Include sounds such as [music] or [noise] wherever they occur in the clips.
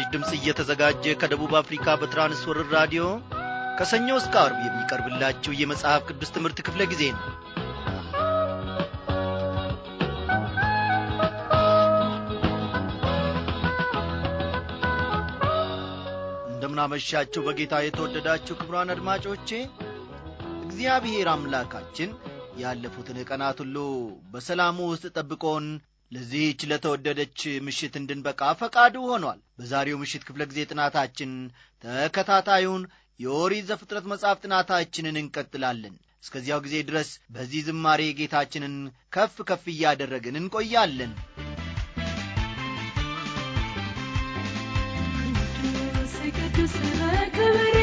ለመስራች ድምፅ እየተዘጋጀ ከደቡብ አፍሪካ በትራንስወር ራዲዮ ከሰኞ እስከ አርብ የሚቀርብላችሁ የመጽሐፍ ቅዱስ ትምህርት ክፍለ ጊዜ ነው እንደምናመሻችሁ በጌታ የተወደዳችሁ ክብሯን አድማጮቼ እግዚአብሔር አምላካችን ያለፉትን ቀናት ሁሉ በሰላሙ ውስጥ ጠብቆን ለዚህች ለተወደደች ምሽት እንድንበቃ ፈቃዱ ሆኗል። በዛሬው ምሽት ክፍለ ጊዜ ጥናታችን ተከታታዩን የኦሪት ዘፍጥረት መጽሐፍ ጥናታችንን እንቀጥላለን። እስከዚያው ጊዜ ድረስ በዚህ ዝማሬ ጌታችንን ከፍ ከፍ እያደረግን እንቆያለን። ቅዱስ ክብሬ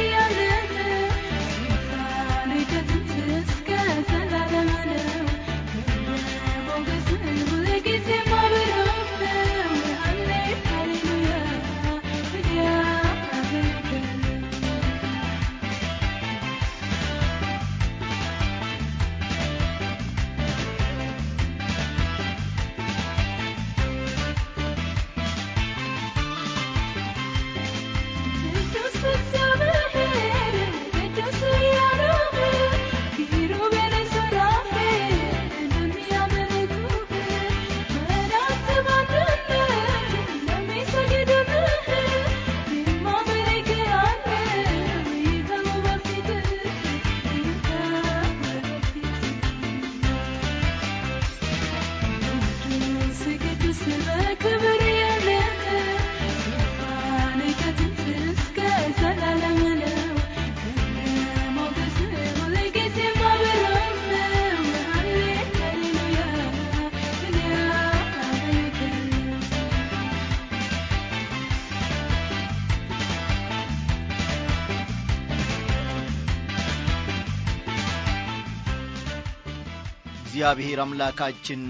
እግዚአብሔር አምላካችን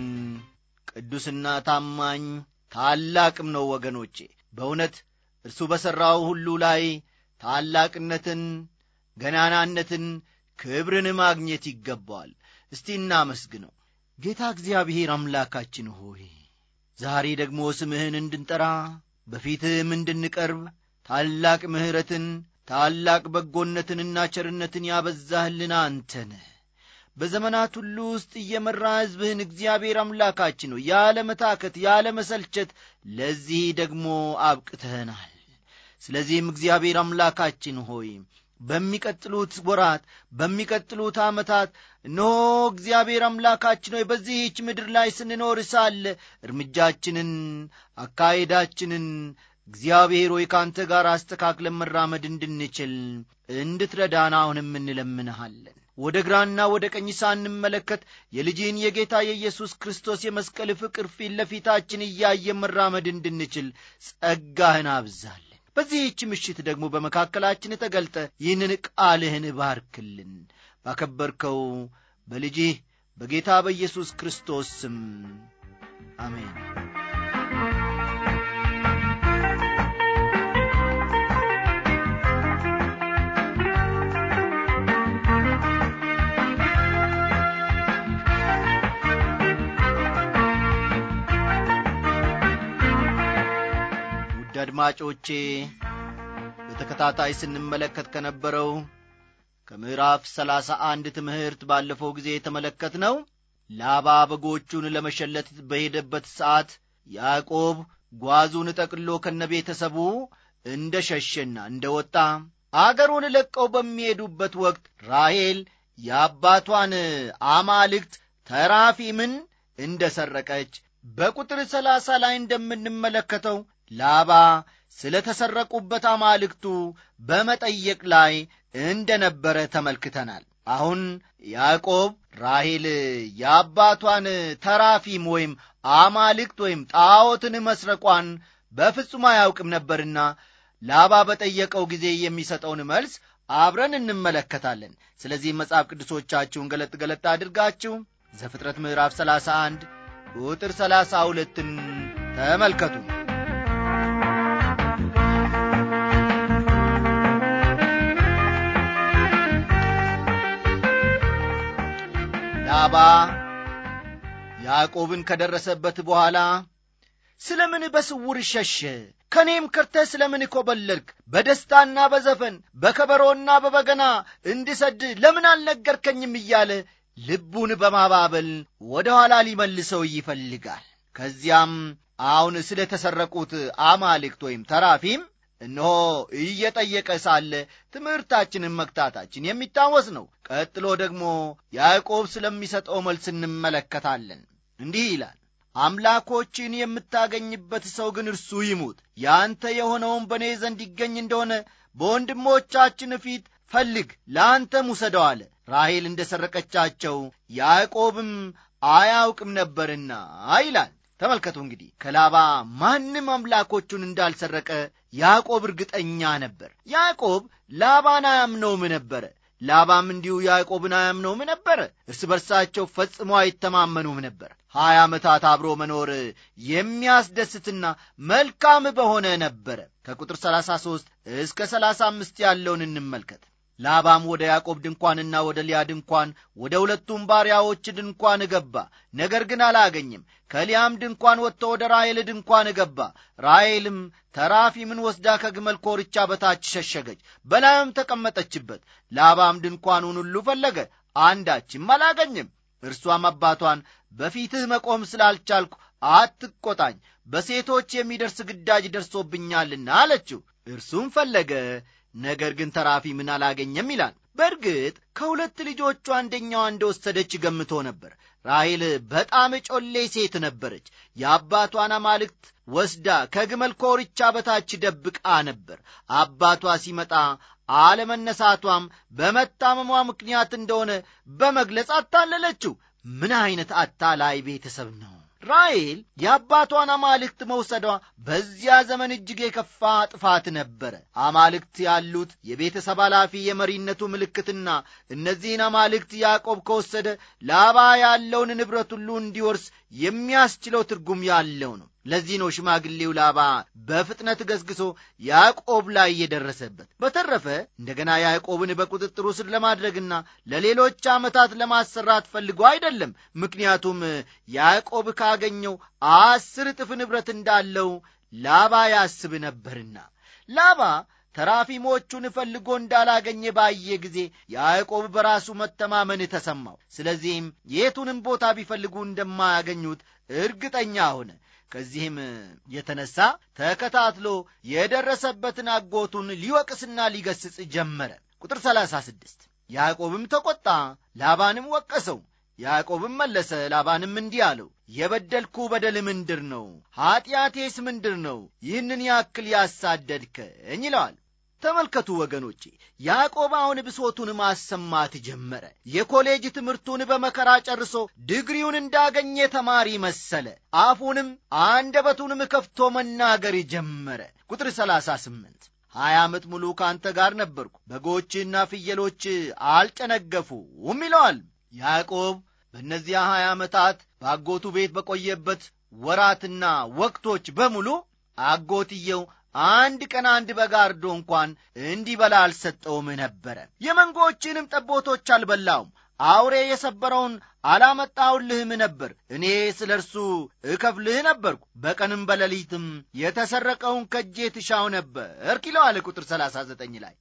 ቅዱስና ታማኝ ታላቅም ነው ወገኖቼ በእውነት እርሱ በሠራው ሁሉ ላይ ታላቅነትን ገናናነትን ክብርን ማግኘት ይገባዋል እስቲ እናመስግነው ጌታ እግዚአብሔር አምላካችን ሆይ ዛሬ ደግሞ ስምህን እንድንጠራ በፊትህም እንድንቀርብ ታላቅ ምሕረትን ታላቅ በጎነትንና ቸርነትን ያበዛህልን አንተ ነህ በዘመናት ሁሉ ውስጥ እየመራ ሕዝብህን እግዚአብሔር አምላካችን ነው ያለ መታከት ያለ መሰልቸት ለዚህ ደግሞ አብቅተህናል። ስለዚህም እግዚአብሔር አምላካችን ሆይ በሚቀጥሉት ወራት በሚቀጥሉት ዓመታት እነሆ እግዚአብሔር አምላካችን ሆይ በዚህች ምድር ላይ ስንኖር ሳለ እርምጃችንን፣ አካሄዳችንን እግዚአብሔር ሆይ ከአንተ ጋር አስተካክለን መራመድ እንድንችል እንድትረዳን አሁንም እንለምንሃለን። ወደ ግራና ወደ ቀኝ ሳንመለከት የልጅህን የጌታ የኢየሱስ ክርስቶስ የመስቀል ፍቅር ፊት ለፊታችን እያየ መራመድ እንድንችል ጸጋህን አብዛለን። በዚህች ምሽት ደግሞ በመካከላችን ተገልጠ ይህንን ቃልህን ባርክልን። ባከበርከው በልጅህ በጌታ በኢየሱስ ክርስቶስ ስም አሜን። ውድ አድማጮቼ በተከታታይ ስንመለከት ከነበረው ከምዕራፍ ሰላሳ አንድ ትምህርት ባለፈው ጊዜ የተመለከት ነው ላባ በጎቹን ለመሸለት በሄደበት ሰዓት ያዕቆብ ጓዙን ጠቅሎ ከነ ቤተሰቡ እንደ ሸሸና እንደ ወጣ አገሩን ለቀው በሚሄዱበት ወቅት ራሔል የአባቷን አማልክት ተራፊምን እንደ ሰረቀች በቁጥር ሰላሳ ላይ እንደምንመለከተው ላባ ስለ ተሰረቁበት አማልክቱ በመጠየቅ ላይ እንደ ነበረ ተመልክተናል። አሁን ያዕቆብ ራሄል የአባቷን ተራፊም ወይም አማልክት ወይም ጣዖትን መስረቋን በፍጹም አያውቅም ነበርና ላባ በጠየቀው ጊዜ የሚሰጠውን መልስ አብረን እንመለከታለን። ስለዚህ መጽሐፍ ቅዱሶቻችሁን ገለጥ ገለጥ አድርጋችሁ ዘፍጥረት ምዕራፍ 31 ቁጥር 32ን ተመልከቱ። ላባ ያዕቆብን ከደረሰበት በኋላ ስለ ምን በስውር ሸሸ? ከእኔም ከርተ ስለ ምን ኮበለልክ? በደስታና በዘፈን በከበሮና በበገና እንድሰድ ለምን አልነገርከኝም? እያለ ልቡን በማባበል ወደ ኋላ ሊመልሰው ይፈልጋል። ከዚያም አሁን ስለ ተሰረቁት አማልክት ወይም ተራፊም እነሆ እየጠየቀ ሳለ ትምህርታችንን መግታታችን የሚታወስ ነው። ቀጥሎ ደግሞ ያዕቆብ ስለሚሰጠው መልስ እንመለከታለን። እንዲህ ይላል አምላኮችን የምታገኝበት ሰው ግን እርሱ ይሙት፣ ያንተ የሆነውን በእኔ ዘንድ ይገኝ እንደሆነ በወንድሞቻችን ፊት ፈልግ፣ ለአንተም ውሰደው አለ። ራሔል እንደ ሰረቀቻቸው ያዕቆብም አያውቅም ነበርና ይላል። ተመልከቱ እንግዲህ ከላባ ማንም አምላኮቹን እንዳልሰረቀ ያዕቆብ እርግጠኛ ነበር። ያዕቆብ ላባን አያምነውም ነበረ። ላባም እንዲሁ ያዕቆብን አያምነውም ነበር። እርስ በርሳቸው ፈጽሞ አይተማመኑም ነበር። ሀያ ዓመታት አብሮ መኖር የሚያስደስትና መልካም በሆነ ነበረ። ከቁጥር 33 እስከ 35 ያለውን እንመልከት። ላባም ወደ ያዕቆብ ድንኳንና ወደ ሊያ ድንኳን ወደ ሁለቱም ባሪያዎች ድንኳን ገባ፣ ነገር ግን አላገኝም። ከሊያም ድንኳን ወጥቶ ወደ ራሔል ድንኳን ገባ። ራሔልም ተራፊምን ወስዳ ከግመል ኮርቻ በታች ሸሸገች፣ በላዩም ተቀመጠችበት። ላባም ድንኳኑን ሁሉ ፈለገ፣ አንዳችም አላገኝም። እርሷም አባቷን በፊትህ መቆም ስላልቻልኩ አትቆጣኝ፣ በሴቶች የሚደርስ ግዳጅ ደርሶብኛልና አለችው። እርሱም ፈለገ ነገር ግን ምን አላገኘም ይላል። በእርግጥ ከሁለት ልጆቹ አንደኛዋ እንደወሰደች ገምቶ ነበር። ራሄል በጣም ጮሌ ሴት ነበረች። የአባቷን አማልክት ወስዳ ከግመል ኮርቻ በታች ደብቃ ነበር። አባቷ ሲመጣ አለመነሳቷም በመታመሟ ምክንያት እንደሆነ በመግለጽ አታለለችው። ምን ዐይነት አታላይ ቤተሰብ ነው! ራሔል የአባቷን አማልክት መውሰዷ በዚያ ዘመን እጅግ የከፋ ጥፋት ነበረ። አማልክት ያሉት የቤተሰብ ኃላፊ የመሪነቱ ምልክትና እነዚህን አማልክት ያዕቆብ ከወሰደ ላባ ያለውን ንብረት ሁሉ እንዲወርስ የሚያስችለው ትርጉም ያለው ነው። ለዚህ ነው ሽማግሌው ላባ በፍጥነት ገዝግሶ ያዕቆብ ላይ የደረሰበት። በተረፈ እንደገና ያዕቆብን በቁጥጥሩ ስር ለማድረግና ለሌሎች ዓመታት ለማሰራት ፈልጎ አይደለም። ምክንያቱም ያዕቆብ ካገኘው አስር እጥፍ ንብረት እንዳለው ላባ ያስብ ነበርና ላባ ተራፊሞቹን ፈልጎ እንዳላገኘ ባየ ጊዜ ያዕቆብ በራሱ መተማመን ተሰማው። ስለዚህም የቱንም ቦታ ቢፈልጉ እንደማያገኙት እርግጠኛ ሆነ። ከዚህም የተነሳ ተከታትሎ የደረሰበትን አጎቱን ሊወቅስና ሊገስጽ ጀመረ። ቁጥር 36 ያዕቆብም ተቆጣ፣ ላባንም ወቀሰው። ያዕቆብም መለሰ፣ ላባንም እንዲህ አለው፣ የበደልኩ በደል ምንድር ነው? ኀጢአቴስ ምንድር ነው? ይህንን ያክል ያሳደድከኝ ይለዋል። ተመልከቱ ወገኖቼ፣ ያዕቆብ አሁን ብሶቱን ማሰማት ጀመረ። የኮሌጅ ትምህርቱን በመከራ ጨርሶ ድግሪውን እንዳገኘ ተማሪ መሰለ። አፉንም አንደበቱንም ከፍቶ መናገር ጀመረ። ቁጥር 38 ሀያ ዓመት ሙሉ ከአንተ ጋር ነበርኩ፣ በጎችና ፍየሎች አልጨነገፉም ይለዋል። ያዕቆብ በእነዚያ ሀያ ዓመታት በአጎቱ ቤት በቆየበት ወራትና ወቅቶች በሙሉ አጎትየው አንድ ቀን አንድ በግ አርዶ እንኳን እንዲበላ አልሰጠውም ነበረ። የመንጎችንም ጠቦቶች አልበላውም። አውሬ የሰበረውን አላመጣውልህም ነበር። እኔ ስለ እርሱ እከፍልህ ነበርኩ። በቀንም በሌሊትም የተሰረቀውን ከጄ ትሻው ነበር ይለዋል ቁጥር 39 ላይ።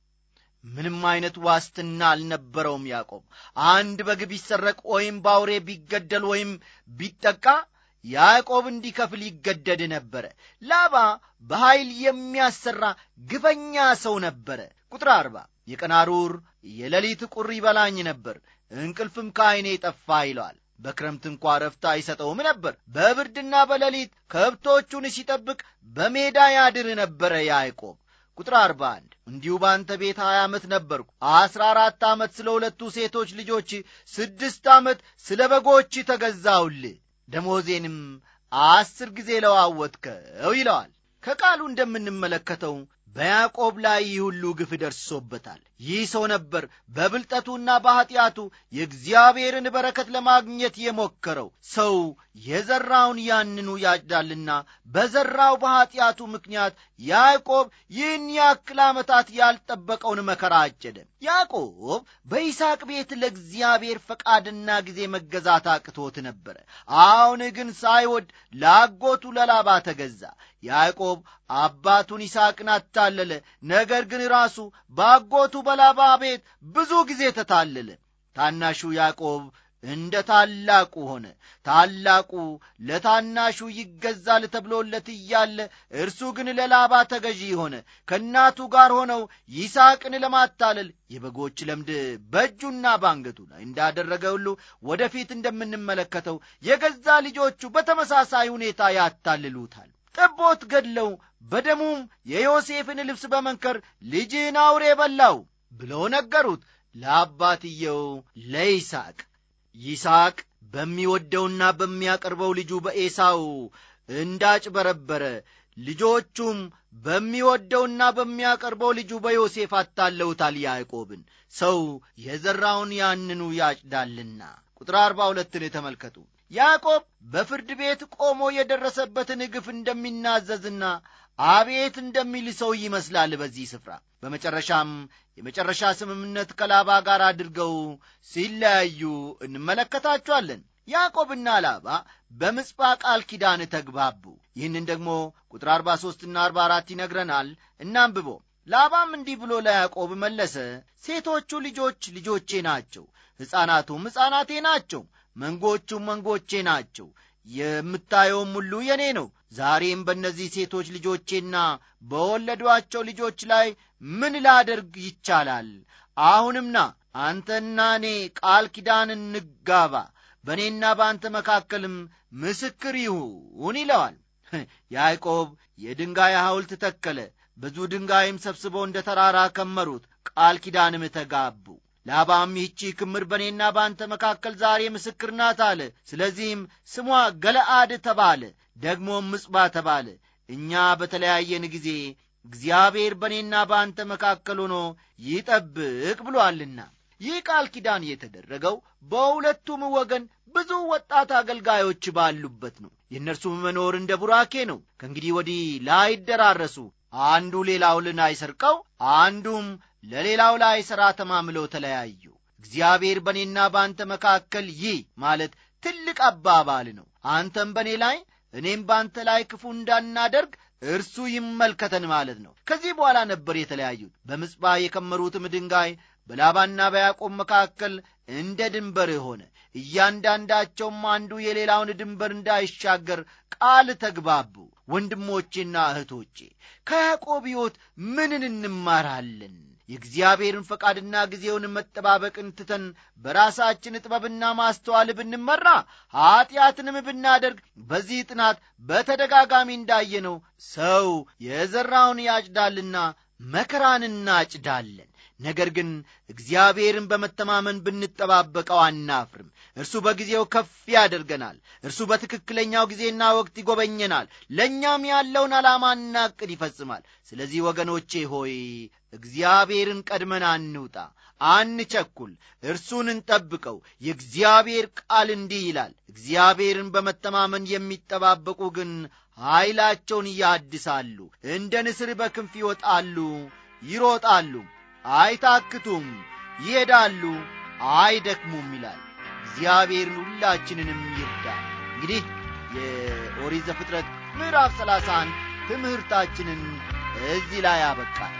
ምንም አይነት ዋስትና አልነበረውም ያዕቆብ። አንድ በግ ቢሰረቅ ወይም በአውሬ ቢገደል ወይም ቢጠቃ ያዕቆብ እንዲከፍል ይገደድ ነበረ። ላባ በኃይል የሚያሰራ ግፈኛ ሰው ነበረ። ቁጥር አርባ የቀን የሌሊት ቁር ይበላኝ ነበር፣ እንቅልፍም ከዐይኔ ጠፋ ይለዋል። በክረምት እንኳ ረፍታ አይሰጠውም ነበር። በብርድና በሌሊት ከብቶቹን ሲጠብቅ በሜዳ ያድር ነበረ ያዕቆብ ቁጥር 41 እንዲሁ በአንተ ቤት ሀያ ዓመት ነበርኩ። አስራ አራት ዓመት ስለ ሁለቱ ሴቶች ልጆች፣ ስድስት ዓመት ስለ በጎች ተገዛውልህ። ደሞዜንም አስር ጊዜ ለዋወትከው ይለዋል። ከቃሉ እንደምንመለከተው በያዕቆብ ላይ ይህ ሁሉ ግፍ ደርሶበታል። ይህ ሰው ነበር በብልጠቱና በኀጢአቱ የእግዚአብሔርን በረከት ለማግኘት የሞከረው። ሰው የዘራውን ያንኑ ያጭዳልና በዘራው በኀጢአቱ ምክንያት ያዕቆብ ይህን ያክል ዓመታት ያልጠበቀውን መከራ አጨደ። ያዕቆብ በይስቅ ቤት ለእግዚአብሔር ፈቃድና ጊዜ መገዛት አቅቶት ነበረ። አሁን ግን ሳይወድ ላጎቱ ለላባ ተገዛ። ያዕቆብ አባቱን ይስሐቅን አታለለ። ነገር ግን ራሱ ባጎቱ በላባ ቤት ብዙ ጊዜ ተታለለ። ታናሹ ያዕቆብ እንደ ታላቁ ሆነ። ታላቁ ለታናሹ ይገዛል ተብሎለት እያለ እርሱ ግን ለላባ ተገዢ ሆነ። ከእናቱ ጋር ሆነው ይስሐቅን ለማታለል የበጎች ለምድ በእጁና በአንገቱ ላይ እንዳደረገ ሁሉ ወደፊት እንደምንመለከተው የገዛ ልጆቹ በተመሳሳይ ሁኔታ ያታልሉታል። ጥቦት ገድለው በደሙም የዮሴፍን ልብስ በመንከር ልጅን አውሬ በላው ብለው ነገሩት ለአባትየው ለይስቅ ይስቅ በሚወደውና በሚያቀርበው ልጁ በኤሳው እንዳጭበረበረ ልጆቹም በሚወደውና በሚያቀርበው ልጁ በዮሴፍ አታለውታል ያዕቆብን። ሰው የዘራውን ያንኑ ያጭዳልና። ቁጥር አርባ ሁለትን የተመልከቱ ያዕቆብ በፍርድ ቤት ቆሞ የደረሰበትን ግፍ እንደሚናዘዝና አቤት እንደሚል ሰው ይመስላል በዚህ ስፍራ። በመጨረሻም የመጨረሻ ስምምነት ከላባ ጋር አድርገው ሲለያዩ እንመለከታቸዋለን። ያዕቆብና ላባ በምጽባ ቃል ኪዳን ተግባቡ። ይህንን ደግሞ ቁጥር 43ና 44 ይነግረናል። እናንብቦ። ላባም እንዲህ ብሎ ለያዕቆብ መለሰ፣ ሴቶቹ ልጆች ልጆቼ ናቸው፣ ሕፃናቱም ሕፃናቴ ናቸው መንጎቹም መንጎቼ ናቸው፣ የምታየውም ሁሉ የእኔ ነው። ዛሬም በእነዚህ ሴቶች ልጆቼና በወለዷቸው ልጆች ላይ ምን ላደርግ ይቻላል? አሁንምና አንተና እኔ ቃል ኪዳን እንጋባ፣ በእኔና በአንተ መካከልም ምስክር ይሁን ይለዋል። [laughs] ያዕቆብ የድንጋይ ሐውልት ተከለ፣ ብዙ ድንጋይም ሰብስበው እንደ ተራራ ከመሩት፣ ቃል ኪዳንም ተጋቡ። ላባም ይህቺ ክምር በእኔና በአንተ መካከል ዛሬ ምስክር ናት አለ። ስለዚህም ስሟ ገለአድ ተባለ፣ ደግሞም ምጽባ ተባለ። እኛ በተለያየን ጊዜ እግዚአብሔር በእኔና በአንተ መካከል ሆኖ ይጠብቅ ብሎአልና። ይህ ቃል ኪዳን የተደረገው በሁለቱም ወገን ብዙ ወጣት አገልጋዮች ባሉበት ነው። የእነርሱም መኖር እንደ ቡራኬ ነው። ከእንግዲህ ወዲህ ላይደራረሱ፣ አንዱ ሌላውን አይሰርቀው፣ አንዱም ለሌላው ላይ ሥራ ተማምለው ተለያዩ። እግዚአብሔር በእኔና በአንተ መካከል ይህ ማለት ትልቅ አባባል ነው። አንተም በእኔ ላይ እኔም በአንተ ላይ ክፉ እንዳናደርግ እርሱ ይመልከተን ማለት ነው። ከዚህ በኋላ ነበር የተለያዩት። በምጽባ የከመሩትም ድንጋይ በላባና በያዕቆብ መካከል እንደ ድንበር ሆነ። እያንዳንዳቸውም አንዱ የሌላውን ድንበር እንዳይሻገር ቃል ተግባቡ። ወንድሞቼና እህቶቼ ከያዕቆብ ሕይወት ምንን እንማራለን? የእግዚአብሔርን ፈቃድና ጊዜውን መጠባበቅን ትተን በራሳችን ጥበብና ማስተዋል ብንመራ ኀጢአትንም ብናደርግ በዚህ ጥናት በተደጋጋሚ እንዳየነው ሰው የዘራውን ያጭዳልና መከራን እናጭዳለን። ነገር ግን እግዚአብሔርን በመተማመን ብንጠባበቀው አናፍርም። እርሱ በጊዜው ከፍ ያደርገናል። እርሱ በትክክለኛው ጊዜና ወቅት ይጎበኘናል፣ ለእኛም ያለውን ዓላማና ዕቅድ ይፈጽማል። ስለዚህ ወገኖቼ ሆይ እግዚአብሔርን ቀድመን አንውጣ፣ አንቸኩል፣ እርሱን እንጠብቀው። የእግዚአብሔር ቃል እንዲህ ይላል፣ እግዚአብሔርን በመተማመን የሚጠባበቁ ግን ኀይላቸውን ያድሳሉ፣ እንደ ንስር በክንፍ ይወጣሉ፣ ይሮጣሉ፣ አይታክቱም፣ ይሄዳሉ፣ አይደክሙም ይላል። እግዚአብሔርን ሁላችንንም ይርዳ እንግዲህ የኦሪት ዘፍጥረት ምዕራፍ ሰላሳ ትምህርታችንን እዚህ ላይ አበቃል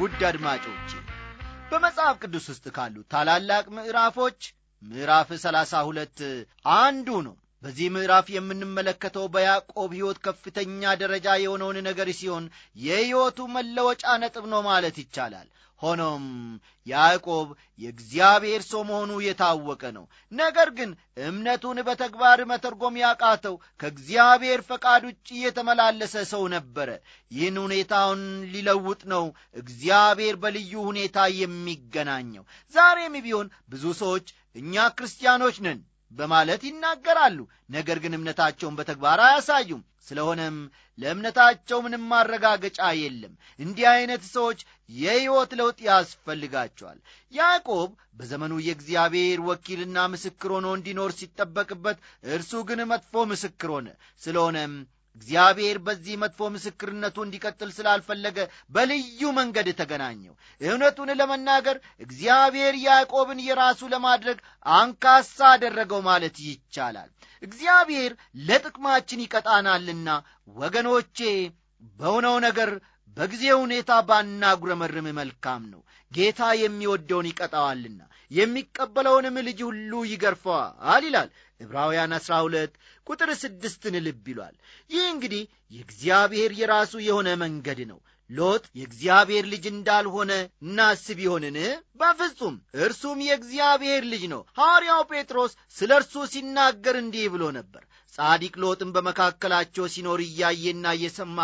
ውድ አድማጮቼ በመጽሐፍ ቅዱስ ውስጥ ካሉ ታላላቅ ምዕራፎች ምዕራፍ 32 ሁለት አንዱ ነው በዚህ ምዕራፍ የምንመለከተው በያዕቆብ ሕይወት ከፍተኛ ደረጃ የሆነውን ነገር ሲሆን የሕይወቱ መለወጫ ነጥብ ነው ማለት ይቻላል። ሆኖም ያዕቆብ የእግዚአብሔር ሰው መሆኑ የታወቀ ነው። ነገር ግን እምነቱን በተግባር መተርጎም ያቃተው ከእግዚአብሔር ፈቃድ ውጭ የተመላለሰ ሰው ነበረ። ይህን ሁኔታውን ሊለውጥ ነው እግዚአብሔር በልዩ ሁኔታ የሚገናኘው። ዛሬም ቢሆን ብዙ ሰዎች እኛ ክርስቲያኖች ነን በማለት ይናገራሉ። ነገር ግን እምነታቸውን በተግባር አያሳዩም። ስለሆነም ለእምነታቸው ምንም ማረጋገጫ የለም። እንዲህ አይነት ሰዎች የሕይወት ለውጥ ያስፈልጋቸዋል። ያዕቆብ በዘመኑ የእግዚአብሔር ወኪልና ምስክር ሆኖ እንዲኖር ሲጠበቅበት፣ እርሱ ግን መጥፎ ምስክር ሆነ። ስለሆነም እግዚአብሔር በዚህ መጥፎ ምስክርነቱ እንዲቀጥል ስላልፈለገ በልዩ መንገድ ተገናኘው። እውነቱን ለመናገር እግዚአብሔር ያዕቆብን የራሱ ለማድረግ አንካሳ አደረገው ማለት ይቻላል። እግዚአብሔር ለጥቅማችን ይቀጣናልና ወገኖቼ፣ በሆነው ነገር በጊዜ ሁኔታ ባናጉረመርም መልካም ነው። ጌታ የሚወደውን ይቀጣዋልና የሚቀበለውንም ልጅ ሁሉ ይገርፈዋል ይላል። ዕብራውያን ዐሥራ 2 ቁጥር ስድስትን ልብ ይሏል። ይህ እንግዲህ የእግዚአብሔር የራሱ የሆነ መንገድ ነው። ሎጥ የእግዚአብሔር ልጅ እንዳልሆነ እናስብ ይሆንን? በፍጹም እርሱም የእግዚአብሔር ልጅ ነው። ሐዋርያው ጴጥሮስ ስለ እርሱ ሲናገር እንዲህ ብሎ ነበር፣ ጻዲቅ ሎጥም በመካከላቸው ሲኖር እያየና እየሰማ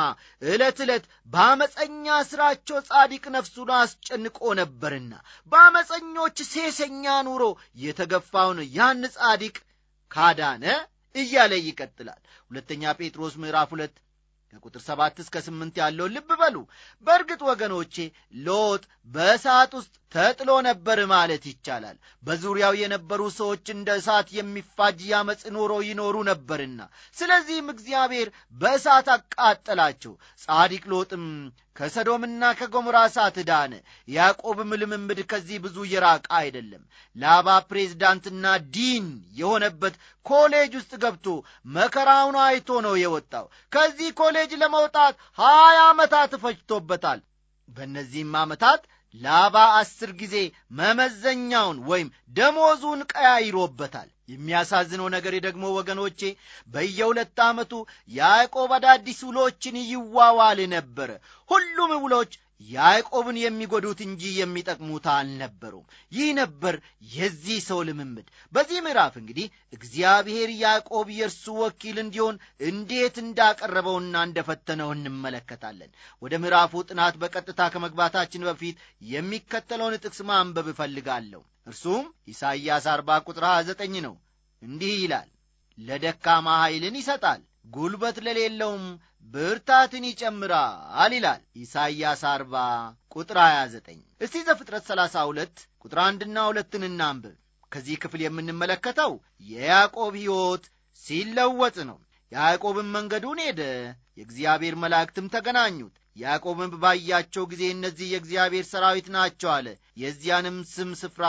ዕለት ዕለት በአመፀኛ ሥራቸው ጻዲቅ ነፍሱን አስጨንቆ ነበርና በአመፀኞች ሴሰኛ ኑሮ የተገፋውን ያን ጻዲቅ ካዳነ እያለ ይቀጥላል። ሁለተኛ ጴጥሮስ ምዕራፍ ሁለት ከቁጥር ሰባት እስከ ስምንት ያለው ልብ በሉ። በእርግጥ ወገኖቼ ሎጥ በእሳት ውስጥ ተጥሎ ነበር ማለት ይቻላል። በዙሪያው የነበሩ ሰዎች እንደ እሳት የሚፋጅ ያመፅ ኑሮ ይኖሩ ነበርና፣ ስለዚህም እግዚአብሔር በእሳት አቃጠላቸው። ጻዲቅ ሎጥም ከሰዶምና ከጎሞራ እሳት ዳነ። ያዕቆብም ልምምድ ከዚህ ብዙ የራቀ አይደለም። ላባ ፕሬዝዳንትና ዲን የሆነበት ኮሌጅ ውስጥ ገብቶ መከራውን አይቶ ነው የወጣው። ከዚህ ኮሌጅ ለመውጣት ሀያ ዓመታት ፈጅቶበታል። በእነዚህም ዓመታት ላባ አስር ጊዜ መመዘኛውን ወይም ደሞዙን ቀያይሮበታል። የሚያሳዝነው ነገር ደግሞ ወገኖቼ በየሁለት ዓመቱ ያዕቆብ አዳዲስ ውሎችን ይዋዋል ነበረ። ሁሉም ውሎች ያዕቆብን የሚጎዱት እንጂ የሚጠቅሙት አልነበሩም። ይህ ነበር የዚህ ሰው ልምምድ። በዚህ ምዕራፍ እንግዲህ እግዚአብሔር ያዕቆብ የእርሱ ወኪል እንዲሆን እንዴት እንዳቀረበውና እንደፈተነው እንመለከታለን። ወደ ምዕራፉ ጥናት በቀጥታ ከመግባታችን በፊት የሚከተለውን ጥቅስ ማንበብ እፈልጋለሁ። እርሱም ኢሳይያስ 40 ቁጥር 29 ነው። እንዲህ ይላል፣ ለደካማ ኃይልን ይሰጣል ጉልበት ለሌለውም ብርታትን ይጨምራል ይላል ኢሳይያስ 40 ቁጥር 29። እስቲ ዘፍጥረት 32 ቁጥር አንድና ሁለትን እናንብብ። ከዚህ ክፍል የምንመለከተው የያዕቆብ ሕይወት ሲለወጥ ነው። ያዕቆብን መንገዱን ሄደ፣ የእግዚአብሔር መላእክትም ተገናኙት። ያዕቆብን ባያቸው ጊዜ እነዚህ የእግዚአብሔር ሰራዊት ናቸው አለ። የዚያንም ስም ስፍራ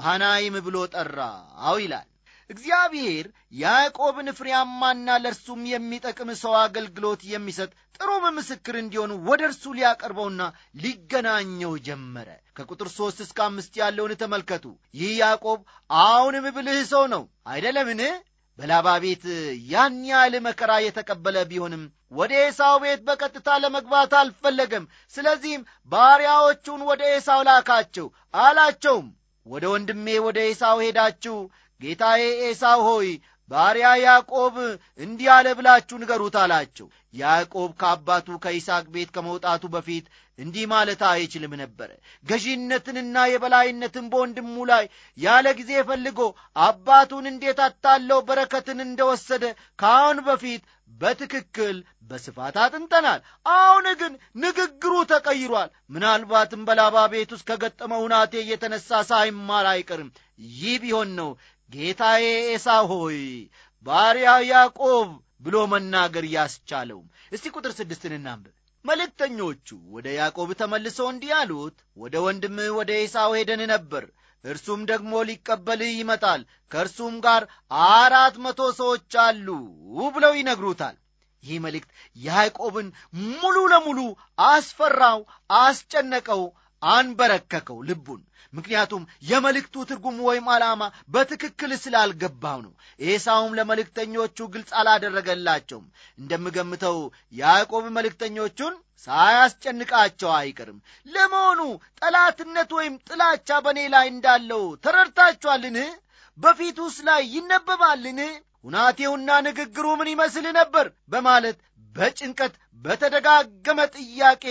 መሃናይም ብሎ ጠራው ይላል። እግዚአብሔር ያዕቆብን ፍሬያማና ለእርሱም የሚጠቅም ሰው አገልግሎት የሚሰጥ ጥሩም ምስክር እንዲሆኑ ወደ እርሱ ሊያቀርበውና ሊገናኘው ጀመረ። ከቁጥር ሦስት እስከ አምስት ያለውን ተመልከቱ። ይህ ያዕቆብ አሁንም ብልህ ሰው ነው አይደለምን? በላባ ቤት ያን ያህል መከራ የተቀበለ ቢሆንም ወደ ኤሳው ቤት በቀጥታ ለመግባት አልፈለገም። ስለዚህም ባሪያዎቹን ወደ ኤሳው ላካቸው። አላቸውም ወደ ወንድሜ ወደ ኤሳው ሄዳችሁ ጌታዬ ኤሳው ሆይ ባሪያ ያዕቆብ እንዲህ አለ ብላችሁ ንገሩት አላቸው። ያዕቆብ ከአባቱ ከይስቅ ቤት ከመውጣቱ በፊት እንዲህ ማለት አይችልም ነበረ። ገዢነትንና የበላይነትን በወንድሙ ላይ ያለ ጊዜ ፈልጎ አባቱን እንዴት አታለው በረከትን እንደወሰደ ከአሁን በፊት በትክክል በስፋት አጥንተናል። አሁን ግን ንግግሩ ተቀይሯል። ምናልባትም በላባ ቤት ውስጥ ከገጠመው ሁናቴ እየተነሳ ሳይማር አይቀርም። ይህ ቢሆን ነው ጌታዬ ኤሳው ሆይ ባሪያ ያዕቆብ ብሎ መናገር ያስቻለውም። እስቲ ቁጥር ስድስትን እናንብብ። መልእክተኞቹ ወደ ያዕቆብ ተመልሰው እንዲህ አሉት፣ ወደ ወንድምህ ወደ ኤሳው ሄደን ነበር እርሱም ደግሞ ሊቀበልህ ይመጣል፣ ከእርሱም ጋር አራት መቶ ሰዎች አሉ ብለው ይነግሩታል። ይህ መልእክት ያዕቆብን ሙሉ ለሙሉ አስፈራው፣ አስጨነቀው፣ አንበረከከው ልቡን። ምክንያቱም የመልእክቱ ትርጉም ወይም ዓላማ በትክክል ስላልገባው ነው። ኤሳውም ለመልእክተኞቹ ግልጽ አላደረገላቸውም። እንደምገምተው ያዕቆብ መልእክተኞቹን ሳያስጨንቃቸው አይቀርም። ለመሆኑ ጠላትነት ወይም ጥላቻ በእኔ ላይ እንዳለው ተረድታችኋልን? በፊቱስ ላይ ይነበባልን? ሁናቴውና ንግግሩ ምን ይመስል ነበር? በማለት በጭንቀት በተደጋገመ ጥያቄ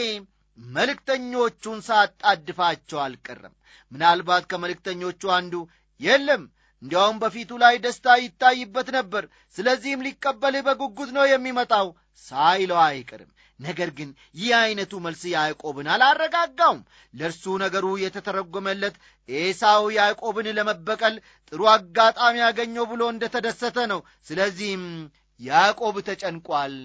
መልእክተኞቹን ሳጣድፋቸው አልቀረም። ምናልባት ከመልእክተኞቹ አንዱ የለም እንዲያውም በፊቱ ላይ ደስታ ይታይበት ነበር፣ ስለዚህም ሊቀበልህ በጉጉት ነው የሚመጣው ሳይለው አይቀርም። ነገር ግን ይህ ዐይነቱ መልስ ያዕቆብን አላረጋጋውም። ለእርሱ ነገሩ የተተረጎመለት ኤሳው ያዕቆብን ለመበቀል ጥሩ አጋጣሚ ያገኘው ብሎ እንደ ተደሰተ ነው። ስለዚህም ያዕቆብ ተጨንቋል፣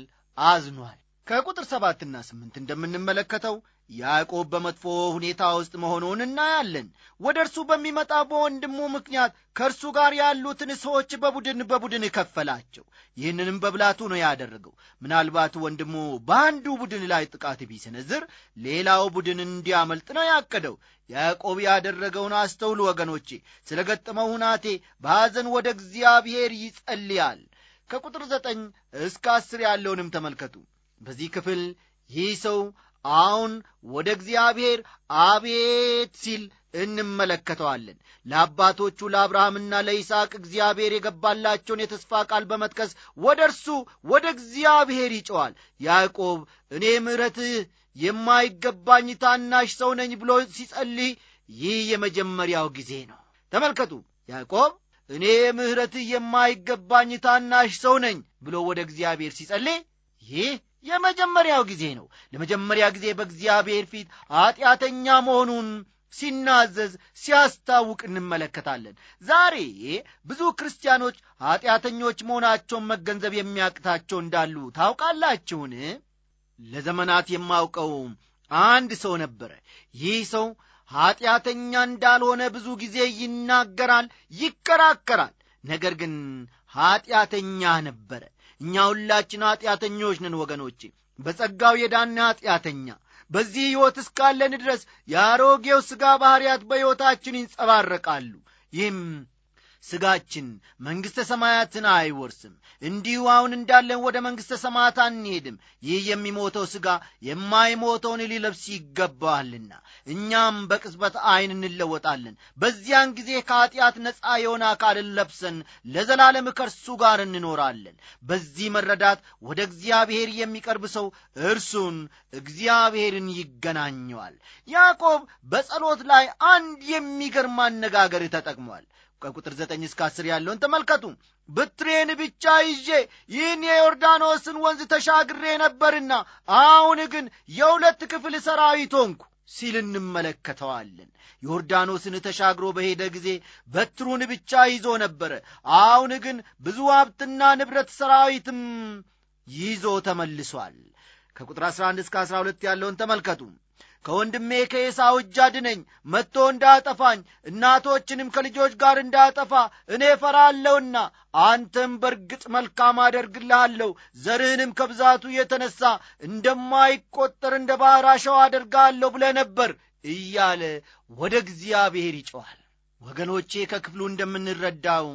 አዝኗል። ከቁጥር ሰባትና ስምንት እንደምንመለከተው ያዕቆብ በመጥፎ ሁኔታ ውስጥ መሆኑን እናያለን። ወደ እርሱ በሚመጣ በወንድሙ ምክንያት ከእርሱ ጋር ያሉትን ሰዎች በቡድን በቡድን ከፈላቸው። ይህንንም በብላቱ ነው ያደረገው። ምናልባት ወንድሙ በአንዱ ቡድን ላይ ጥቃት ቢሰነዝር ሌላው ቡድን እንዲያመልጥ ነው ያቀደው። ያዕቆብ ያደረገውን አስተውሉ ወገኖቼ። ስለ ገጠመው ሁናቴ በሐዘን ወደ እግዚአብሔር ይጸልያል። ከቁጥር ዘጠኝ እስከ አስር ያለውንም ተመልከቱ። በዚህ ክፍል ይህ ሰው አሁን ወደ እግዚአብሔር አቤት ሲል እንመለከተዋለን። ለአባቶቹ ለአብርሃምና ለይስሐቅ እግዚአብሔር የገባላቸውን የተስፋ ቃል በመጥቀስ ወደ እርሱ ወደ እግዚአብሔር ይጮዋል። ያዕቆብ እኔ ምረትህ የማይገባኝ ታናሽ ሰው ነኝ ብሎ ሲጸልይ ይህ የመጀመሪያው ጊዜ ነው። ተመልከቱ፣ ያዕቆብ እኔ ምህረትህ የማይገባኝ ታናሽ ሰው ነኝ ብሎ ወደ እግዚአብሔር ሲጸልይ ይህ የመጀመሪያው ጊዜ ነው። ለመጀመሪያ ጊዜ በእግዚአብሔር ፊት ኀጢአተኛ መሆኑን ሲናዘዝ ሲያስታውቅ እንመለከታለን። ዛሬ ብዙ ክርስቲያኖች ኀጢአተኞች መሆናቸውን መገንዘብ የሚያቅታቸው እንዳሉ ታውቃላችሁን? ለዘመናት የማውቀው አንድ ሰው ነበረ። ይህ ሰው ኀጢአተኛ እንዳልሆነ ብዙ ጊዜ ይናገራል፣ ይከራከራል። ነገር ግን ኀጢአተኛ ነበረ። እኛ ሁላችን ኀጢአተኞች ነን ወገኖቼ በጸጋው የዳነ ኀጢአተኛ በዚህ ሕይወት እስካለን ድረስ የአሮጌው ሥጋ ባሕርያት በሕይወታችን ይንጸባረቃሉ ይህም ሥጋችን መንግሥተ ሰማያትን አይወርስም። እንዲሁ አሁን እንዳለን ወደ መንግሥተ ሰማያት አንሄድም። ይህ የሚሞተው ሥጋ የማይሞተውን ሊለብስ ይገባልና እኛም በቅጽበት ዐይን እንለወጣለን። በዚያን ጊዜ ከኀጢአት ነፃ የሆነ አካል ለብሰን ለዘላለም ከእርሱ ጋር እንኖራለን። በዚህ መረዳት ወደ እግዚአብሔር የሚቀርብ ሰው እርሱን እግዚአብሔርን ይገናኘዋል። ያዕቆብ በጸሎት ላይ አንድ የሚገርም አነጋገር ተጠቅሟል። ከቁጥር ዘጠኝ እስከ አስር ያለውን ተመልከቱ ብትሬን ብቻ ይዤ ይህን የዮርዳኖስን ወንዝ ተሻግሬ ነበርና አሁን ግን የሁለት ክፍል ሰራዊት ሆንኩ ሲል እንመለከተዋለን ዮርዳኖስን ተሻግሮ በሄደ ጊዜ በትሩን ብቻ ይዞ ነበረ አሁን ግን ብዙ ሀብትና ንብረት ሰራዊትም ይዞ ተመልሷል ከቁጥር 11 እስከ 12 ያለውን ተመልከቱ ከወንድሜ ከኤሳው እጅ አድነኝ፣ መጥቶ እንዳያጠፋኝ፣ እናቶችንም ከልጆች ጋር እንዳያጠፋ እኔ ፈራለውና አንተም በርግጥ መልካም አደርግልሃለሁ፣ ዘርህንም ከብዛቱ የተነሣ እንደማይቈጠር እንደ ባሕር አሸዋ አደርግሃለሁ ብለ ነበር እያለ ወደ እግዚአብሔር ይጨዋል ወገኖቼ ከክፍሉ እንደምንረዳው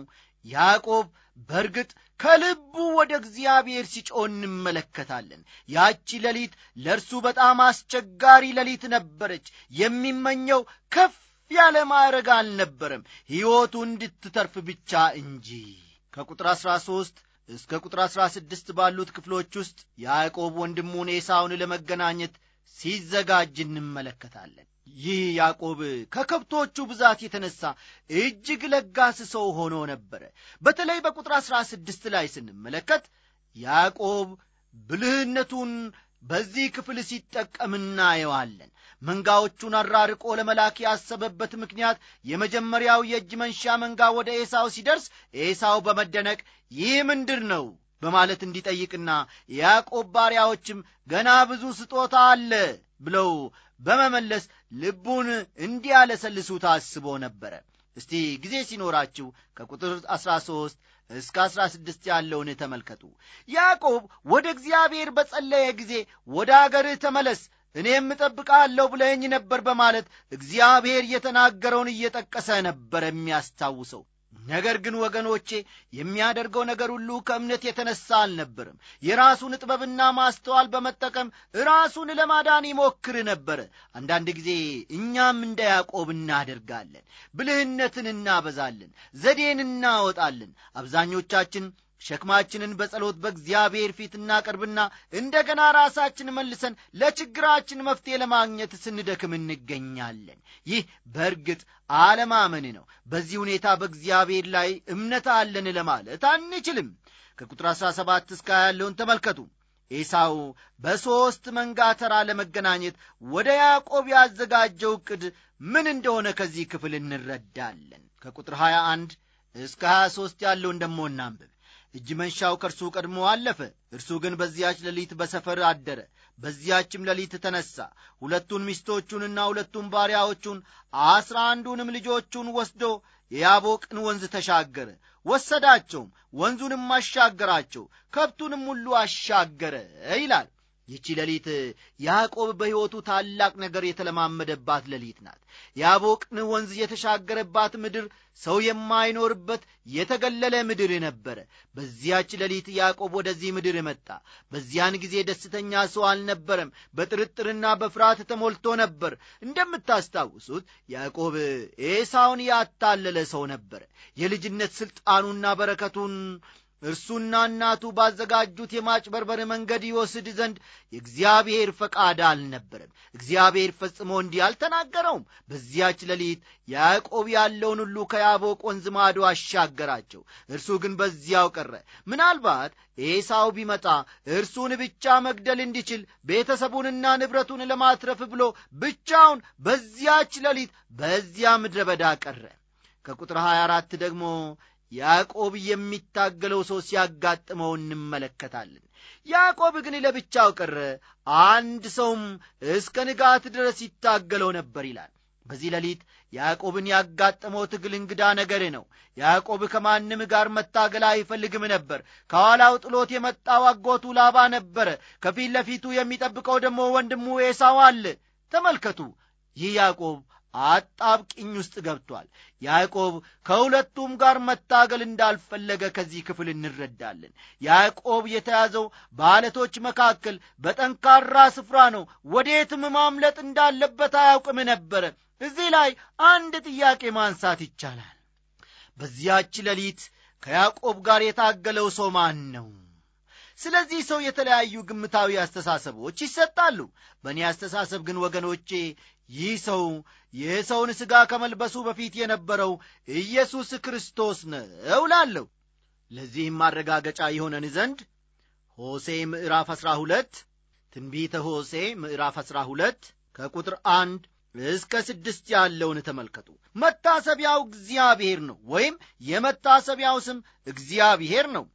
ያዕቆብ በርግጥ ከልቡ ወደ እግዚአብሔር ሲጮን እንመለከታለን። ያቺ ሌሊት ለእርሱ በጣም አስቸጋሪ ሌሊት ነበረች። የሚመኘው ከፍ ያለ ማዕረግ አልነበረም፣ ሕይወቱ እንድትተርፍ ብቻ እንጂ። ከቁጥር 13 እስከ ቁጥር 16 ባሉት ክፍሎች ውስጥ ያዕቆብ ወንድሙን ኤሳውን ለመገናኘት ሲዘጋጅ እንመለከታለን። ይህ ያዕቆብ ከከብቶቹ ብዛት የተነሳ እጅግ ለጋስ ሰው ሆኖ ነበረ። በተለይ በቁጥር አሥራ ስድስት ላይ ስንመለከት ያዕቆብ ብልህነቱን በዚህ ክፍል ሲጠቀም እናየዋለን። መንጋዎቹን አራርቆ ለመላክ ያሰበበት ምክንያት የመጀመሪያው የእጅ መንሻ መንጋ ወደ ኤሳው ሲደርስ ኤሳው በመደነቅ ይህ ምንድር ነው በማለት እንዲጠይቅና ያዕቆብ ባሪያዎችም ገና ብዙ ስጦታ አለ ብለው በመመለስ ልቡን እንዲያለሰልሱ ታስቦ ነበረ። እስቲ ጊዜ ሲኖራችሁ ከቁጥር 13 እስከ 16 ያለውን ተመልከቱ። ያዕቆብ ወደ እግዚአብሔር በጸለየ ጊዜ ወደ አገርህ ተመለስ እኔም እጠብቃለሁ ብለኝ ነበር በማለት እግዚአብሔር የተናገረውን እየጠቀሰ ነበር የሚያስታውሰው ነገር ግን ወገኖቼ የሚያደርገው ነገር ሁሉ ከእምነት የተነሳ አልነበረም። የራሱን ጥበብና ማስተዋል በመጠቀም ራሱን ለማዳን ይሞክር ነበረ። አንዳንድ ጊዜ እኛም እንደ ያዕቆብ እናደርጋለን። ብልህነትን እናበዛለን፣ ዘዴን እናወጣለን። አብዛኞቻችን ሸክማችንን በጸሎት በእግዚአብሔር ፊት እናቀርብና እንደ ገና ራሳችን መልሰን ለችግራችን መፍትሄ ለማግኘት ስንደክም እንገኛለን። ይህ በእርግጥ አለማመን ነው። በዚህ ሁኔታ በእግዚአብሔር ላይ እምነት አለን ለማለት አንችልም። ከቁጥር 17 እስከ ያለውን ተመልከቱ። ኤሳው በሦስት መንጋ ተራ ለመገናኘት ወደ ያዕቆብ ያዘጋጀው ዕቅድ ምን እንደሆነ ከዚህ ክፍል እንረዳለን። ከቁጥር 21 እስከ 23 ያለውን ደሞ እናንብብ። እጅ መንሻው ከእርሱ ቀድሞ አለፈ። እርሱ ግን በዚያች ሌሊት በሰፈር አደረ። በዚያችም ሌሊት ተነሣ፣ ሁለቱን ሚስቶቹንና ሁለቱን ባሪያዎቹን አስራ አንዱንም ልጆቹን ወስዶ የያቦቅን ወንዝ ተሻገረ። ወሰዳቸውም፣ ወንዙንም አሻገራቸው፣ ከብቱንም ሁሉ አሻገረ ይላል። ይቺ ሌሊት ያዕቆብ በሕይወቱ ታላቅ ነገር የተለማመደባት ሌሊት ናት። የአቦቅን ወንዝ የተሻገረባት ምድር ሰው የማይኖርበት የተገለለ ምድር ነበረ። በዚያች ሌሊት ያዕቆብ ወደዚህ ምድር መጣ። በዚያን ጊዜ ደስተኛ ሰው አልነበረም። በጥርጥርና በፍርሃት ተሞልቶ ነበር። እንደምታስታውሱት ያዕቆብ ኤሳውን ያታለለ ሰው ነበረ። የልጅነት ሥልጣኑና በረከቱን እርሱና እናቱ ባዘጋጁት የማጭበርበር መንገድ ይወስድ ዘንድ የእግዚአብሔር ፈቃድ አልነበረም። እግዚአብሔር ፈጽሞ እንዲህ አልተናገረውም። በዚያች ሌሊት ያዕቆብ ያለውን ሁሉ ከያቦቅ ወንዝ ማዶ አሻገራቸው። እርሱ ግን በዚያው ቀረ። ምናልባት ኤሳው ቢመጣ እርሱን ብቻ መግደል እንዲችል ቤተሰቡንና ንብረቱን ለማትረፍ ብሎ ብቻውን በዚያች ሌሊት በዚያ ምድረ በዳ ቀረ። ከቁጥር 24 ደግሞ ያዕቆብ የሚታገለው ሰው ሲያጋጥመው እንመለከታለን። ያዕቆብ ግን ለብቻው ቀረ፣ አንድ ሰውም እስከ ንጋት ድረስ ይታገለው ነበር ይላል። በዚህ ሌሊት ያዕቆብን ያጋጠመው ትግል እንግዳ ነገር ነው። ያዕቆብ ከማንም ጋር መታገል አይፈልግም ነበር። ከኋላው ጥሎት የመጣው አጎቱ ላባ ነበረ። ከፊት ለፊቱ የሚጠብቀው ደግሞ ወንድሙ ኤሳው አለ። ተመልከቱ፣ ይህ ያዕቆብ አጣብቅኝ ውስጥ ገብቷል። ያዕቆብ ከሁለቱም ጋር መታገል እንዳልፈለገ ከዚህ ክፍል እንረዳለን። ያዕቆብ የተያዘው በዓለቶች መካከል በጠንካራ ስፍራ ነው። ወዴትም ማምለጥ እንዳለበት አያውቅም ነበረ። እዚህ ላይ አንድ ጥያቄ ማንሳት ይቻላል። በዚያች ሌሊት ከያዕቆብ ጋር የታገለው ሰው ማን ነው? ስለዚህ ሰው የተለያዩ ግምታዊ አስተሳሰቦች ይሰጣሉ። በእኔ አስተሳሰብ ግን ወገኖቼ ይህ ሰው የሰውን ሥጋ ከመልበሱ በፊት የነበረው ኢየሱስ ክርስቶስ ነው ላለሁ። ለዚህም ማረጋገጫ የሆነን ዘንድ ሆሴ ምዕራፍ ሁለት ትንቢተ ሆሴ ምዕራፍ ሁለት ከቁጥር አንድ እስከ ስድስት ያለውን ተመልከቱ። መታሰቢያው እግዚአብሔር ነው ወይም የመታሰቢያው ስም እግዚአብሔር ነው።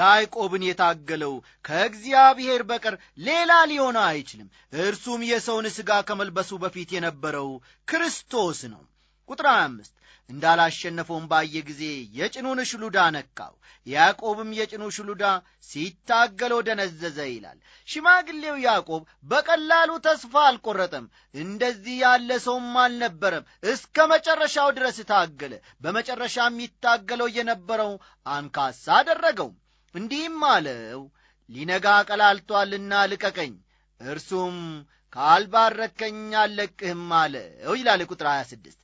ያዕቆብን የታገለው ከእግዚአብሔር በቀር ሌላ ሊሆን አይችልም። እርሱም የሰውን ሥጋ ከመልበሱ በፊት የነበረው ክርስቶስ ነው። ቁጥር 25 እንዳላሸነፈውም ባየ ጊዜ የጭኑን ሽሉዳ ነካው፣ ያዕቆብም የጭኑ ሽሉዳ ሲታገለው ደነዘዘ ይላል። ሽማግሌው ያዕቆብ በቀላሉ ተስፋ አልቆረጠም። እንደዚህ ያለ ሰውም አልነበረም። እስከ መጨረሻው ድረስ ታገለ። በመጨረሻም ይታገለው የነበረው አንካሳ አደረገው። እንዲህም አለው ሊነጋ ቀላልቶአልና ልቀቀኝ እርሱም ካልባረከኝ አለቅህም አለው ይላል ቁጥር 26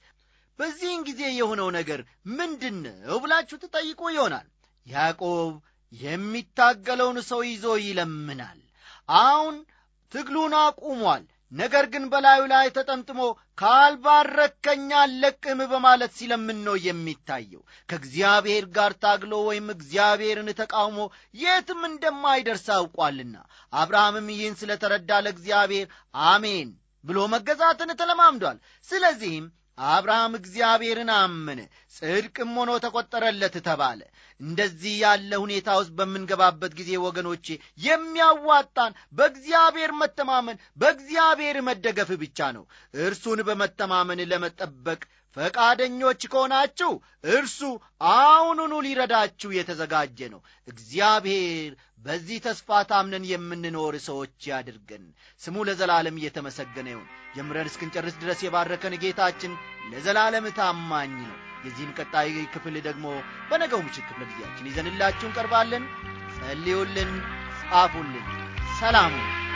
በዚህን ጊዜ የሆነው ነገር ምንድን ነው ብላችሁ ትጠይቁ ይሆናል ያዕቆብ የሚታገለውን ሰው ይዞ ይለምናል አሁን ትግሉን አቁሟል ነገር ግን በላዩ ላይ ተጠምጥሞ ካልባረከኛ አልለቅህም በማለት ሲለምን ነው የሚታየው። ከእግዚአብሔር ጋር ታግሎ ወይም እግዚአብሔርን ተቃውሞ የትም እንደማይደርስ አውቋልና አብርሃምም ይህን ተረዳ ለእግዚአብሔር አሜን ብሎ መገዛትን ተለማምዷል። ስለዚህም አብርሃም እግዚአብሔርን አመነ ጽድቅም ሆኖ ተቆጠረለት ተባለ። እንደዚህ ያለ ሁኔታ ውስጥ በምንገባበት ጊዜ ወገኖቼ የሚያዋጣን በእግዚአብሔር መተማመን፣ በእግዚአብሔር መደገፍ ብቻ ነው። እርሱን በመተማመን ለመጠበቅ ፈቃደኞች ከሆናችሁ እርሱ አሁኑኑ ሊረዳችሁ የተዘጋጀ ነው። እግዚአብሔር በዚህ ተስፋ ታምነን የምንኖር ሰዎች ያድርገን። ስሙ ለዘላለም እየተመሰገነ ይሁን። ጀምረን እስክንጨርስ ድረስ የባረከን ጌታችን ለዘላለም ታማኝ ነው። የዚህን ቀጣይ ክፍል ደግሞ በነገው ምሽት ክፍለ ጊዜያችን ይዘንላችሁ እንቀርባለን። ጸልዩልን፣ ጻፉልን። ሰላሙ